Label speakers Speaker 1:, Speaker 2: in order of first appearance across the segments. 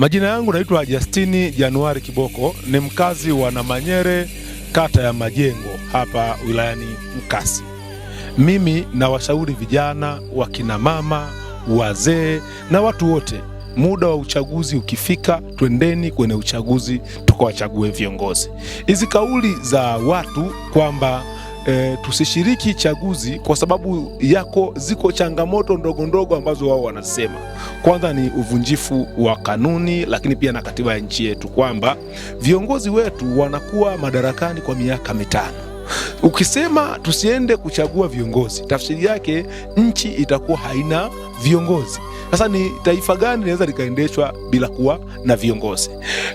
Speaker 1: Majina yangu naitwa Justini Januari Kiboko, ni mkazi wa Namanyere, kata ya Majengo, hapa wilayani Mkasi. Mimi nawashauri vijana, wakinamama, wazee na watu wote, muda wa uchaguzi ukifika, twendeni kwenye uchaguzi tukawachague viongozi. Hizi kauli za watu kwamba e, tusishiriki chaguzi kwa sababu yako ziko changamoto ndogo ndogo ambazo wao wanasema. Kwanza ni uvunjifu wa kanuni, lakini pia na katiba ya nchi yetu, kwamba viongozi wetu wanakuwa madarakani kwa miaka mitano. Ukisema tusiende kuchagua viongozi, tafsiri yake nchi itakuwa haina viongozi. Sasa ni taifa gani linaweza likaendeshwa bila kuwa na viongozi?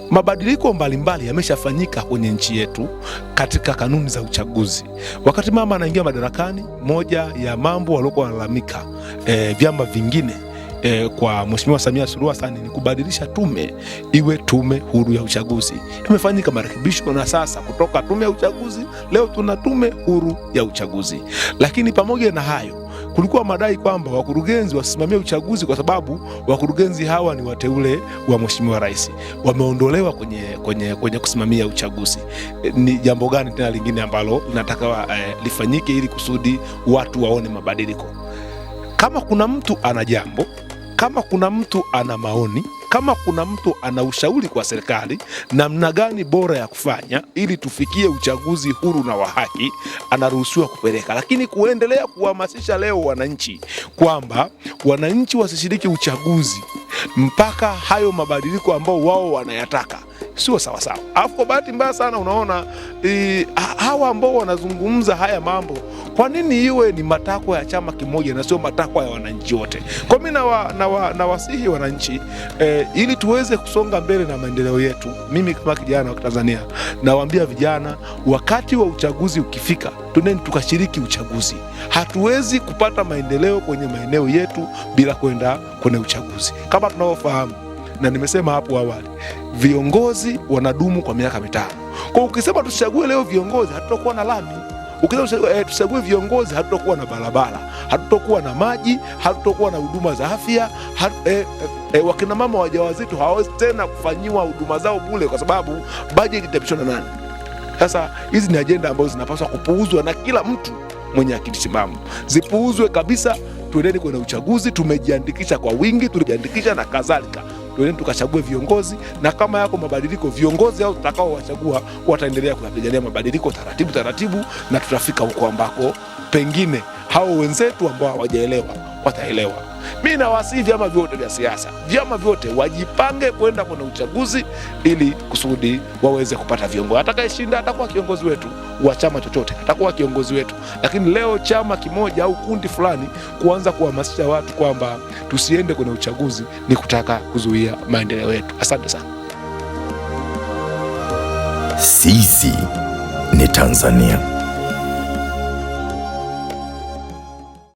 Speaker 1: Mabadiliko mbalimbali yameshafanyika kwenye nchi yetu katika kanuni za uchaguzi. Wakati mama anaingia madarakani, moja ya mambo waliokuwa wanalalamika e, vyama vingine E, kwa Mheshimiwa Samia Suluhu Hassan ni kubadilisha tume iwe tume huru ya uchaguzi. Imefanyika marekebisho na sasa kutoka tume ya uchaguzi leo tuna tume huru ya uchaguzi. Lakini pamoja na hayo kulikuwa madai kwamba wakurugenzi wasimamie uchaguzi kwa sababu wakurugenzi hawa ni wateule wa mheshimiwa rais, wameondolewa kwenye, kwenye, kwenye kusimamia uchaguzi. Ni jambo gani tena lingine ambalo linataka eh, lifanyike ili kusudi watu waone mabadiliko? Kama kuna mtu ana jambo, kama kuna mtu ana maoni kama kuna mtu ana ushauri kwa serikali namna gani bora ya kufanya ili tufikie uchaguzi huru na wa haki, anaruhusiwa kupeleka, lakini kuendelea kuhamasisha leo wananchi kwamba wananchi wasishiriki uchaguzi mpaka hayo mabadiliko ambao wao wanayataka sio sawasawa. Alafu kwa bahati mbaya sana unaona e, hawa ambao wanazungumza haya mambo, kwa nini iwe ni matakwa ya chama kimoja na sio matakwa ya wananchi wote? Kwa mimi nawasihi wananchi e, ili tuweze kusonga mbele na maendeleo yetu, mimi kama kijana wa Tanzania nawaambia vijana, wakati wa uchaguzi ukifika, tuneni tukashiriki uchaguzi. Hatuwezi kupata maendeleo kwenye maeneo yetu bila kwenda kwenye uchaguzi kama tunavyofahamu na nimesema hapo awali, viongozi wanadumu kwa miaka mitano. Kwa ukisema tuchague leo viongozi, hatutakuwa na lami. Ukisema eh, tuchague viongozi, hatutakuwa na barabara, hatutakuwa na maji, hatutakuwa na huduma za afya. Hat, eh, eh, eh wakinamama wajawazito hawawezi tena kufanyiwa huduma zao bule kwa sababu bajeti itapishwa na nani? Sasa hizi ni ajenda ambazo zinapaswa kupuuzwa na kila mtu mwenye akili timamu, zipuuzwe kabisa. Tuendeni kwenye uchaguzi, tumejiandikisha kwa wingi, tulijiandikisha na kadhalika tuende tukachague viongozi, na kama yako mabadiliko, viongozi au tutakao wachagua wataendelea kuyapigania mabadiliko taratibu taratibu, na tutafika huko ambako pengine hao wenzetu ambao hawajaelewa wataelewa. Mi nawasihi vyama vyote vya siasa, vyama vyote wajipange kwenda kwenye uchaguzi ili kusudi waweze kupata viongozi. Atakayeshinda atakuwa kiongozi wetu wa chama chochote, atakuwa kiongozi wetu. Lakini leo chama kimoja au kundi fulani kuanza kuhamasisha watu kwamba tusiende kwenye uchaguzi ni kutaka kuzuia maendeleo yetu. Asante sana. Sisi ni Tanzania.